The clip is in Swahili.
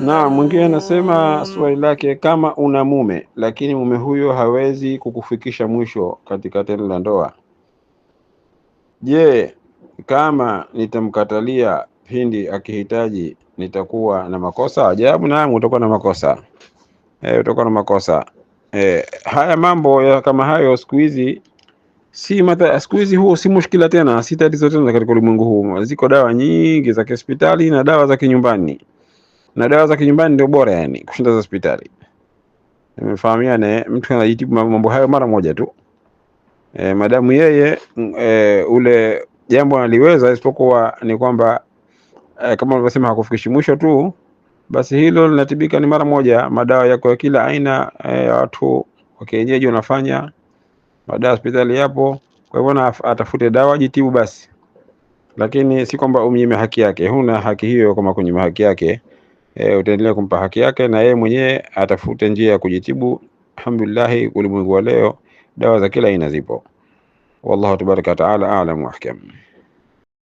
Naam, mwingine anasema swali lake, kama una mume lakini mume huyo hawezi kukufikisha mwisho katika tendo la ndoa, je, kama nitamkatalia pindi akihitaji nitakuwa na makosa? Jawabu, naam, utakuwa na makosa eh, utakuwa na makosa eh. Haya mambo ya kama hayo siku hizi si mata, siku hizi huo si mushkila tena, si tatizo tena katika ulimwengu huu. Ziko dawa nyingi za kihospitali na dawa za kinyumbani, na dawa za kinyumbani ndio bora yani kushinda za hospitali. Nimefahamiana, eh, mtu anajitibu mambo hayo mara moja tu e, madamu yeye e, ule jambo analiweza, isipokuwa ni kwamba e, kama ulivyosema hakufikishi mwisho tu, basi hilo linatibika ni mara moja. Madawa yako ya kila aina e, watu wa kienyeji wanafanya ya hospitali yapo, kwa hivyo na atafute dawa jitibu basi, lakini si kwamba umnyime haki yake. Huna haki hiyo kama kunyima haki yake e, utaendelea kumpa haki yake, na yeye mwenyewe atafute njia ya kujitibu. Alhamdulillah, ulimwengu wa leo dawa za kila aina zipo. Wallahu tabaraka wataala alam wa hakim.